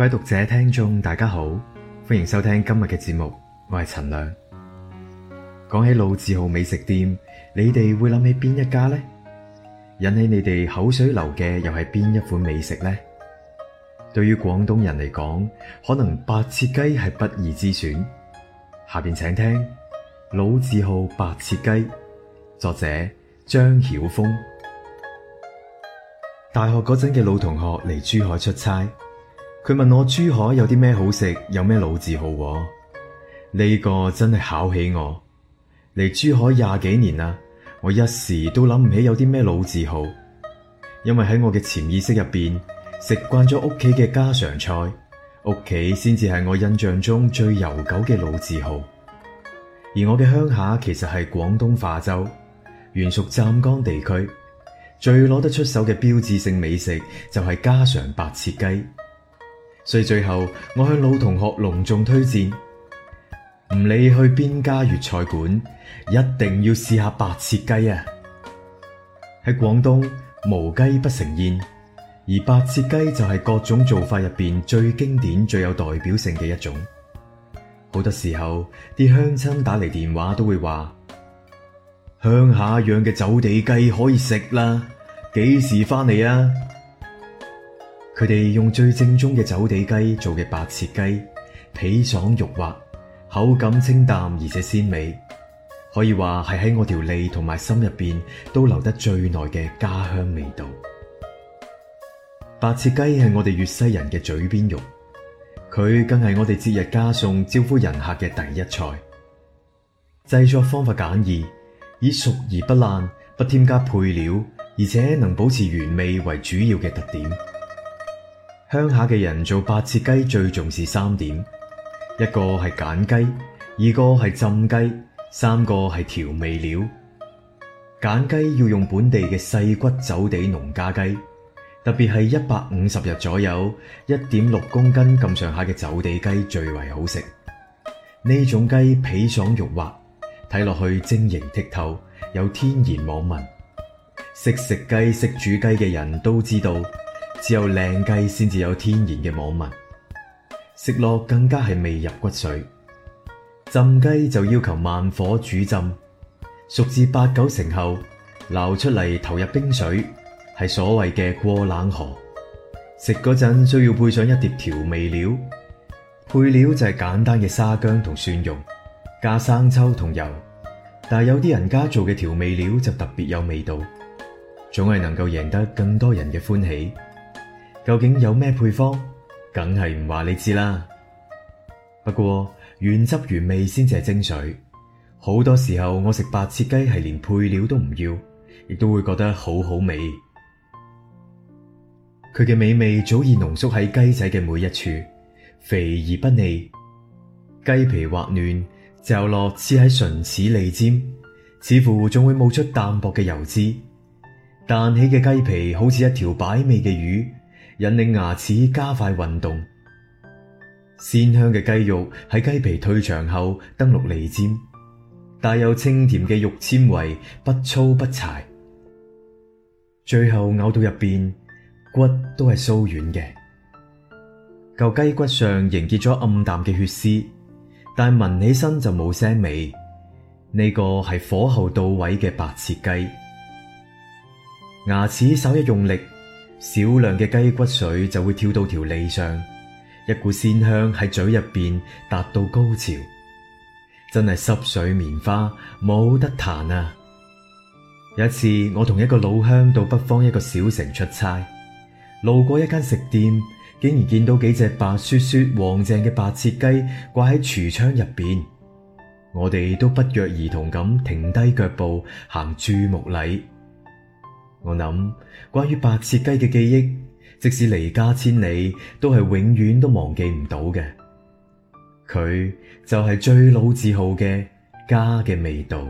各位讀者、聽眾，大家好，歡迎收聽今日嘅節目，我係陳亮。講起老字號美食店，你哋會諗起邊一家呢？引起你哋口水流嘅又係邊一款美食呢？對於廣東人嚟講，可能白切雞係不二之選。下邊請聽《老字號白切雞》，作者張曉峰。大學嗰陣嘅老同學嚟珠海出差。佢問我珠海有啲咩好食，有咩老字號？呢個真係考起我。嚟珠海廿幾年啦，我一時都諗唔起有啲咩老字號。因為喺我嘅潛意識入邊，食慣咗屋企嘅家常菜，屋企先至係我印象中最悠久嘅老字號。而我嘅鄉下其實係廣東化州，原屬湛江地區，最攞得出手嘅標誌性美食就係家常白切雞。所以最後，我向老同學隆重推薦，唔理去邊家粵菜館，一定要試下白切雞啊！喺廣東，無雞不成宴，而白切雞就係各種做法入邊最經典、最有代表性嘅一種。好多時候，啲鄉親打嚟電話都會話：鄉下養嘅走地雞可以食啦，幾時翻嚟啊？佢哋用最正宗嘅走地雞做嘅白切雞，皮爽肉滑，口感清淡而且鮮美，可以話係喺我條脷同埋心入邊都留得最耐嘅家鄉味道。白切雞係我哋粵西人嘅嘴邊肉，佢更係我哋節日加餸招呼人客嘅第一菜。製作方法簡易，以熟而不爛、不添加配料，而且能保持原味為主要嘅特點。鄉下嘅人做白切雞最重視三點：一個係揀雞，二個係浸雞，三個係調味料。揀雞要用本地嘅細骨走地農家雞，特別係一百五十日左右、一點六公斤咁上下嘅走地雞最為好食。呢種雞皮爽肉滑，睇落去晶瑩剔透，有天然網紋。識食雞識煮雞嘅人都知道。只有靚雞先至有天然嘅網紋，食落更加係味入骨髓。浸雞就要求慢火煮浸，熟至八九成後撈出嚟投入冰水，係所謂嘅過冷河。食嗰陣需要配上一碟調味料，配料就係簡單嘅沙姜同蒜蓉，加生抽同油。但係有啲人家做嘅調味料就特別有味道，總係能夠贏得更多人嘅歡喜。究竟有咩配方？梗係唔話你知啦。不過原汁原味先至係精髓。好多時候我食白切雞係連配料都唔要，亦都會覺得好好味。佢嘅美味早已濃縮喺雞仔嘅每一處，肥而不膩。雞皮滑嫩，嚼落黐喺唇齒脷尖，似乎仲會冒出淡薄嘅油脂。彈起嘅雞皮好似一條擺尾嘅魚。引領牙齒加快運動，鮮香嘅雞肉喺雞皮退場後登陸舌尖，帶有清甜嘅肉纖維，不粗不柴。最後咬到入邊，骨都係酥軟嘅。舊雞骨上凝結咗暗淡嘅血絲，但聞起身就冇腥味。呢、這個係火候到位嘅白切雞，牙齒稍一用力，少量嘅雞骨髓就會跳到條脷上，一股鮮香喺嘴入邊達到高潮，真係濕水棉花冇得彈啊！有一次我同一個老鄉到北方一個小城出差，路過一間食店，竟然見到幾隻白雪雪、黃淨嘅白切雞掛喺櫥窗入邊，我哋都不約而同咁停低腳步行注目禮。我諗，關於白切雞嘅記憶，即使離家千里，都係永遠都忘記唔到嘅。佢就係最老字號嘅家嘅味道。